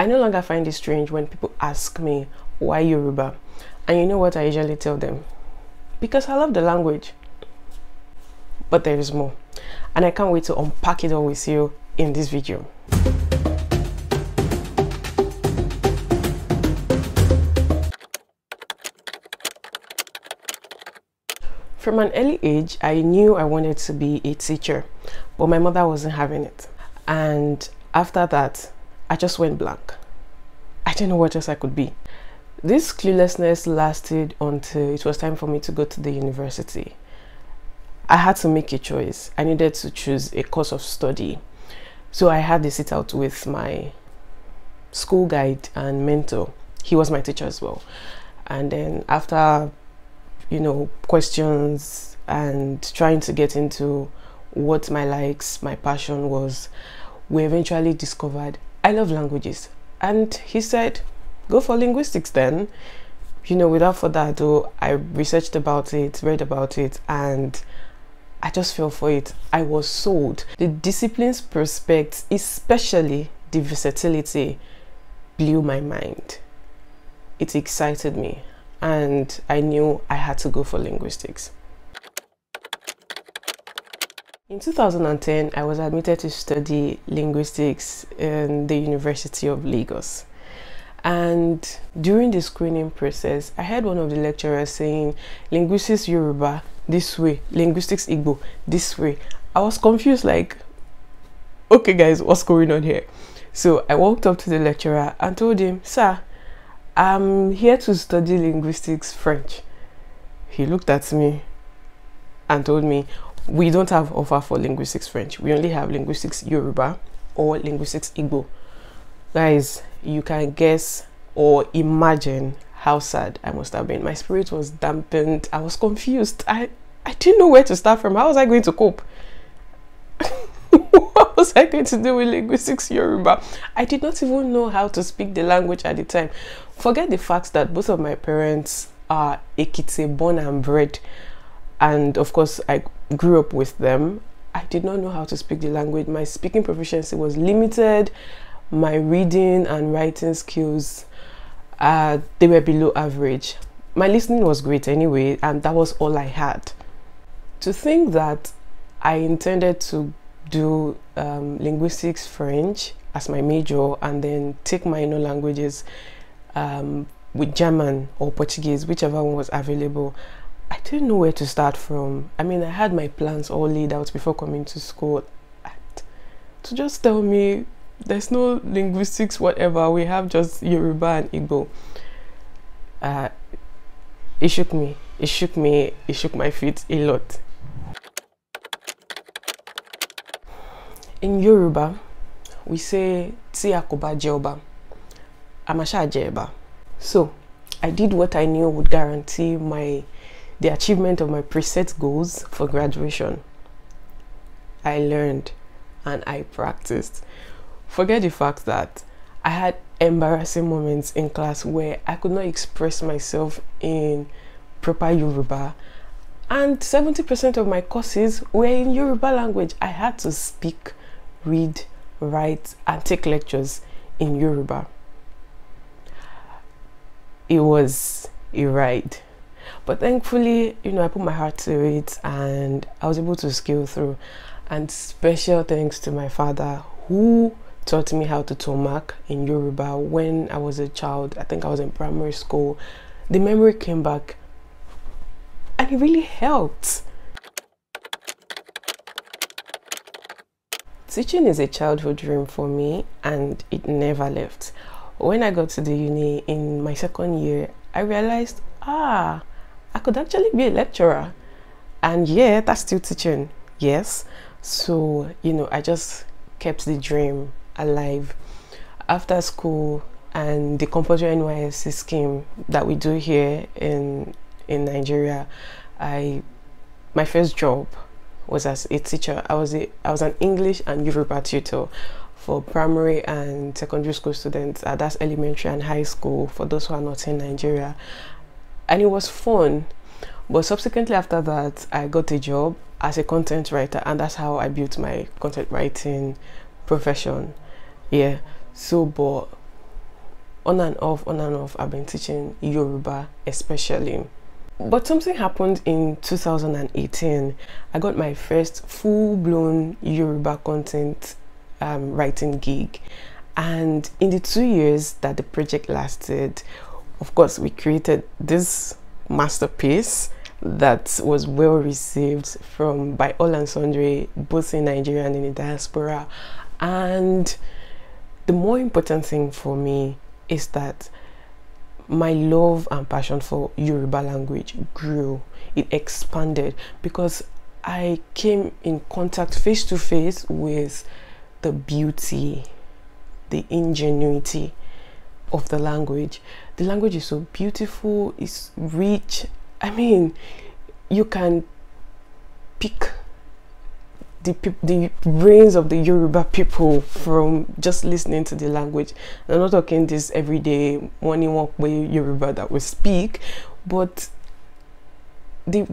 I no longer find it strange when people ask me why Yoruba. And you know what I usually tell them? Because I love the language. But there is more. And I can't wait to unpack it all with you in this video. From an early age, I knew I wanted to be a teacher, but my mother wasn't having it. And after that, I just went blank. I didn't know what else I could be. This cluelessness lasted until it was time for me to go to the university. I had to make a choice. I needed to choose a course of study. So I had to sit out with my school guide and mentor. He was my teacher as well. And then after, you know, questions and trying to get into what my likes, my passion was, we eventually discovered I love languages. And he said, go for linguistics then. You know, without further ado, I researched about it, read about it, and I just fell for it. I was sold. The discipline's prospects, especially the versatility, blew my mind. It excited me, and I knew I had to go for linguistics. In 2010, I was admitted to study linguistics in the University of Lagos. And during the screening process, I heard one of the lecturers saying, Linguistics Yoruba this way, linguistics Igbo this way. I was confused, like, okay, guys, what's going on here? So I walked up to the lecturer and told him, Sir, I'm here to study linguistics French. He looked at me and told me, we don't have offer for linguistics French. We only have linguistics Yoruba or linguistics Igbo. Guys, you can guess or imagine how sad I must have been. My spirit was dampened. I was confused. I, I didn't know where to start from. How was I going to cope? what was I going to do with linguistics Yoruba? I did not even know how to speak the language at the time. Forget the fact that both of my parents are Ekite born and bred and of course I grew up with them. I did not know how to speak the language. My speaking proficiency was limited. My reading and writing skills, uh, they were below average. My listening was great anyway, and that was all I had. To think that I intended to do um, linguistics French as my major and then take minor languages um, with German or Portuguese, whichever one was available. I didn't know where to start from. I mean, I had my plans all laid out before coming to school. To just tell me there's no linguistics, whatever, we have just Yoruba and Igbo. Uh, it shook me, it shook me, it shook my feet a lot. In Yoruba, we say Ti Akoba Jeoba, Amasha jeoba." So, I did what I knew would guarantee my the achievement of my preset goals for graduation. I learned and I practiced. Forget the fact that I had embarrassing moments in class where I could not express myself in proper Yoruba and 70% of my courses were in Yoruba language. I had to speak, read, write and take lectures in Yoruba. It was a ride. But thankfully, you know, I put my heart to it and I was able to scale through. And special thanks to my father who taught me how to tomak in Yoruba when I was a child. I think I was in primary school. The memory came back and it really helped. Teaching is a childhood dream for me and it never left. When I got to the uni in my second year, I realized, ah, I could actually be a lecturer. And yeah, that's still teaching. Yes. So, you know, I just kept the dream alive. After school and the compulsory NYSC scheme that we do here in in Nigeria, I my first job was as a teacher. I was a, I was an English and Yoruba tutor for primary and secondary school students. that's elementary and high school for those who are not in Nigeria and it was fun. But subsequently after that, I got a job as a content writer, and that's how I built my content writing profession. Yeah. So, but on and off, on and off, I've been teaching Yoruba especially. But something happened in 2018. I got my first full blown Yoruba content um, writing gig. And in the two years that the project lasted, of course we created this masterpiece that was well received from by all and sundry both in nigeria and in the diaspora and the more important thing for me is that my love and passion for yoruba language grew it expanded because i came in contact face to face with the beauty the ingenuity of the language. The language is so beautiful, it's rich. I mean, you can pick the, the brains of the Yoruba people from just listening to the language. I'm not talking this everyday morning walk way Yoruba that we speak, but the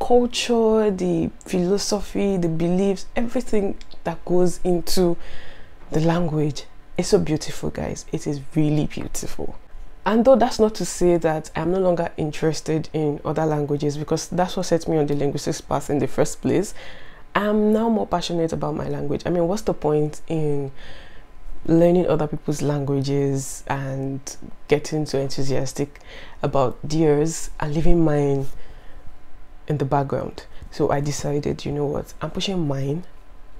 culture, the philosophy, the beliefs, everything that goes into the language it's so beautiful, guys. It is really beautiful. And though that's not to say that I'm no longer interested in other languages because that's what set me on the linguistics path in the first place, I'm now more passionate about my language. I mean, what's the point in learning other people's languages and getting so enthusiastic about theirs and leaving mine in the background? So I decided, you know what, I'm pushing mine.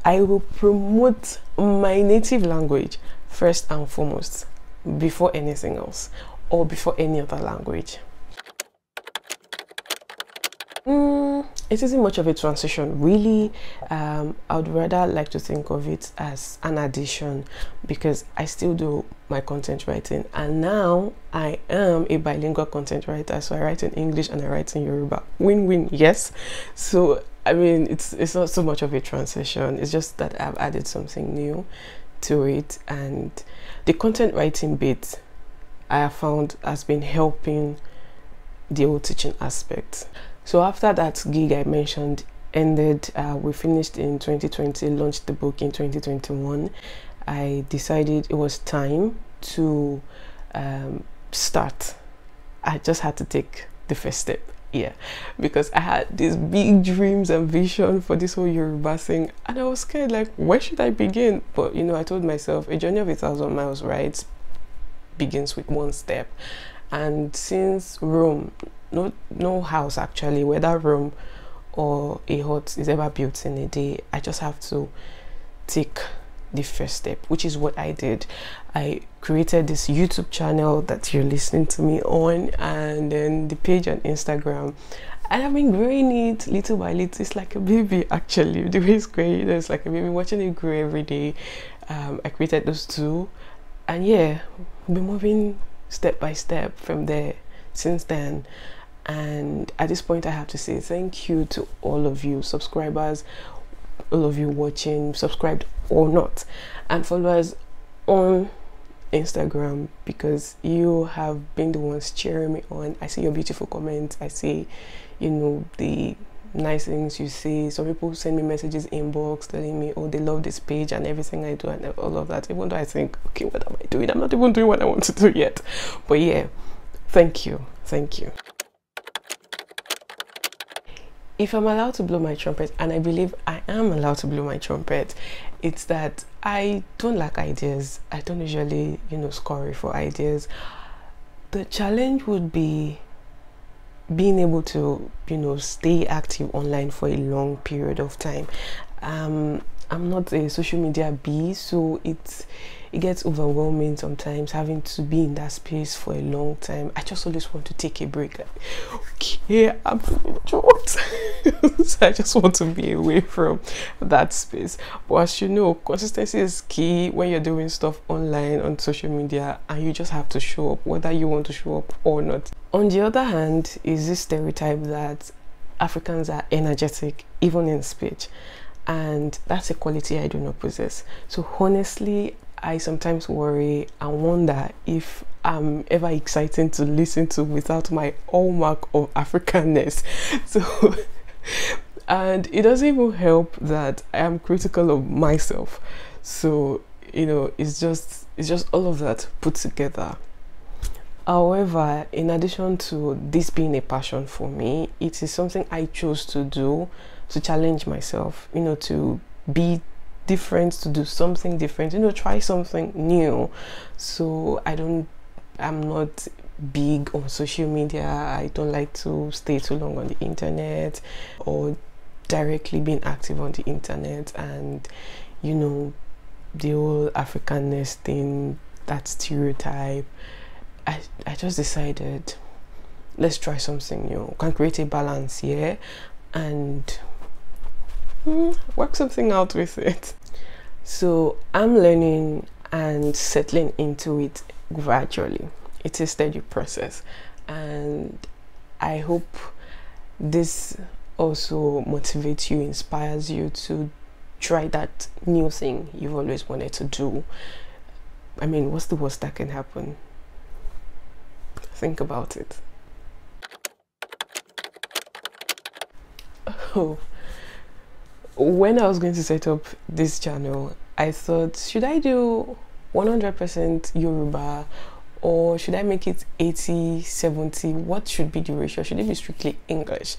I will promote my native language first and foremost before anything else or before any other language. Mm, it isn't much of a transition really um, I would rather like to think of it as an addition because I still do my content writing and now I am a bilingual content writer so I write in English and I write in Yoruba win-win yes so I mean it's it's not so much of a transition it's just that I've added something new to it and the content writing bit I have found has been helping the whole teaching aspect. So after that gig I mentioned ended, uh, we finished in 2020, launched the book in 2021. I decided it was time to um, start. I just had to take the first step yeah because i had these big dreams and vision for this whole yoruba thing and i was scared like where should i begin but you know i told myself a journey of a thousand miles right begins with one step and since room, no no house actually whether room or a hut is ever built in a day i just have to take the first step, which is what I did. I created this YouTube channel that you're listening to me on, and then the page on Instagram. And I've been growing it little by little. It's like a baby, actually. The way it's great. it's like a baby. Watching it grow every day. Um, I created those two, and yeah, we've been moving step by step from there since then and at this point i have to say thank you to all of you subscribers all of you watching, subscribed or not, and followers on Instagram because you have been the ones cheering me on. I see your beautiful comments. I see, you know, the nice things you see. Some people send me messages inbox telling me, oh, they love this page and everything I do and all of that. Even though I think, okay, what am I doing? I'm not even doing what I want to do yet. But yeah, thank you. Thank you if I'm allowed to blow my trumpet, and I believe I am allowed to blow my trumpet, it's that I don't lack ideas. I don't usually, you know, scurry for ideas. The challenge would be being able to, you know, stay active online for a long period of time. Um, I'm not a social media bee, so it's it gets overwhelming sometimes having to be in that space for a long time i just always want to take a break like, okay i'm what so i just want to be away from that space but as you know consistency is key when you're doing stuff online on social media and you just have to show up whether you want to show up or not on the other hand is this stereotype that africans are energetic even in speech and that's a quality I do not possess. So honestly, I sometimes worry and wonder if I'm ever exciting to listen to without my hallmark of Africanness. So, and it doesn't even help that I am critical of myself. So, you know, it's just it's just all of that put together. However, in addition to this being a passion for me, it is something I chose to do to challenge myself, you know, to be different to do something different you know try something new so i don't i'm not big on social media i don't like to stay too long on the internet or directly being active on the internet and you know the whole africanness thing that stereotype i i just decided let's try something new can create a balance here yeah? and Hmm, work something out with it. So I'm learning and settling into it gradually. It's a steady process, and I hope this also motivates you, inspires you to try that new thing you've always wanted to do. I mean, what's the worst that can happen? Think about it. Oh when I was going to set up this channel, I thought, should I do 100% Yoruba or should I make it 80, 70? What should be the ratio? Should it be strictly English?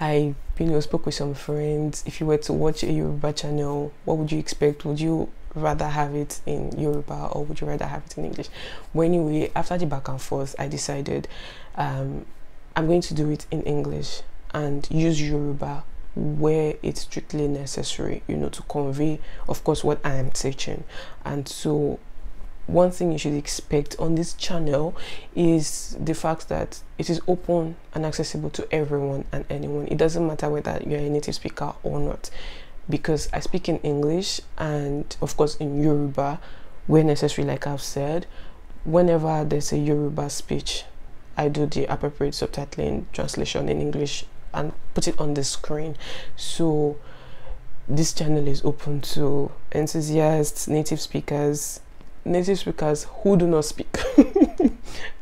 I, you know, spoke with some friends. If you were to watch a Yoruba channel, what would you expect? Would you rather have it in Yoruba or would you rather have it in English? But anyway, after the back and forth, I decided um, I'm going to do it in English and use Yoruba where it's strictly necessary, you know, to convey, of course, what I am teaching. And so, one thing you should expect on this channel is the fact that it is open and accessible to everyone and anyone. It doesn't matter whether you're a native speaker or not, because I speak in English and, of course, in Yoruba where necessary, like I've said. Whenever there's a Yoruba speech, I do the appropriate subtitling translation in English and put it on the screen so this channel is open to enthusiasts native speakers native speakers who do not speak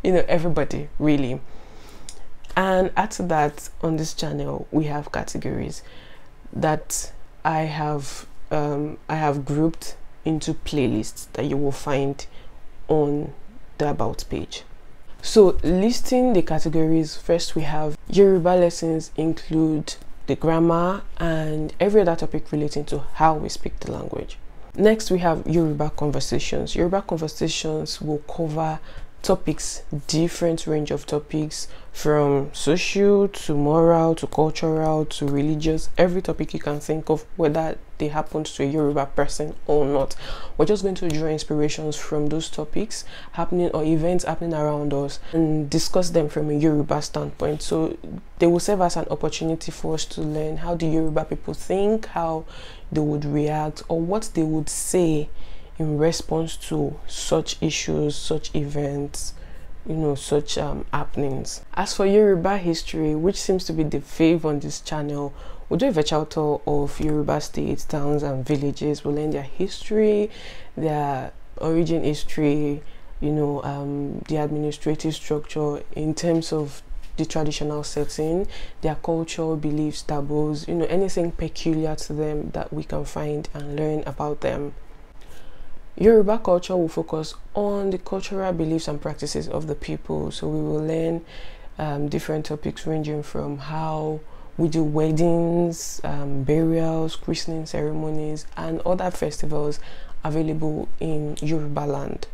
you know everybody really and after that on this channel we have categories that i have um, i have grouped into playlists that you will find on the about page so listing the categories, first we have Yoruba lessons include the grammar and every other topic relating to how we speak the language. Next, we have Yoruba conversations. Yoruba conversations will cover topics different range of topics from social to moral to cultural to religious every topic you can think of whether they happen to a yoruba person or not we're just going to draw inspirations from those topics happening or events happening around us and discuss them from a yoruba standpoint so they will serve as an opportunity for us to learn how the yoruba people think how they would react or what they would say in response to such issues, such events, you know, such um, happenings. As for Yoruba history, which seems to be the fave on this channel, we do a virtual tour of Yoruba states, towns, and villages. we learn their history, their origin history, you know, um, the administrative structure in terms of the traditional setting, their culture, beliefs, taboos, you know, anything peculiar to them that we can find and learn about them. Yoruba culture will focus on the cultural beliefs and practices of the people. So we will learn um, different topics ranging from how we do weddings, um, burials, christening ceremonies, and other festivals available in Yoruba land.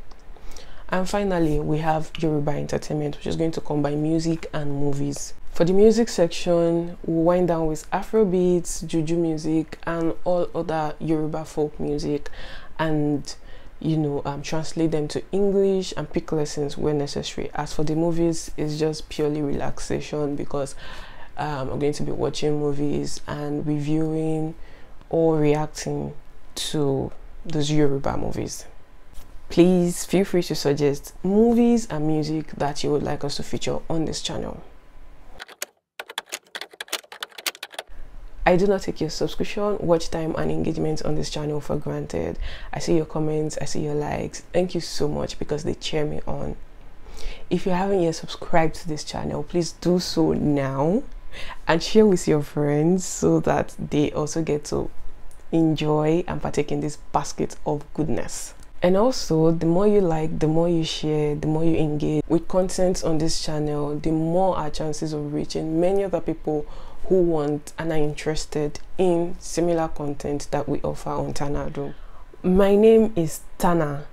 And finally, we have Yoruba entertainment, which is going to combine music and movies. For the music section, we'll wind down with Afro beats, Juju music, and all other Yoruba folk music. And you know um, translate them to english and pick lessons where necessary as for the movies it's just purely relaxation because um, i'm going to be watching movies and reviewing or reacting to those yoruba movies please feel free to suggest movies and music that you would like us to feature on this channel I do not take your subscription, watch time, and engagement on this channel for granted. I see your comments, I see your likes. Thank you so much because they cheer me on. If you haven't yet subscribed to this channel, please do so now and share with your friends so that they also get to enjoy and partake in this basket of goodness. And also, the more you like, the more you share, the more you engage with content on this channel, the more our chances of reaching many other people who want and are interested in similar content that we offer on Tanado. My name is Tana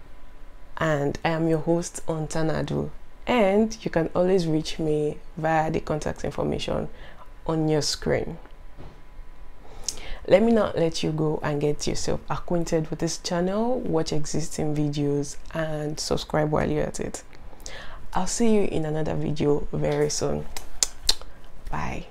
and I am your host on Tanado. And you can always reach me via the contact information on your screen. Let me not let you go and get yourself acquainted with this channel, watch existing videos and subscribe while you're at it. I'll see you in another video very soon. Bye.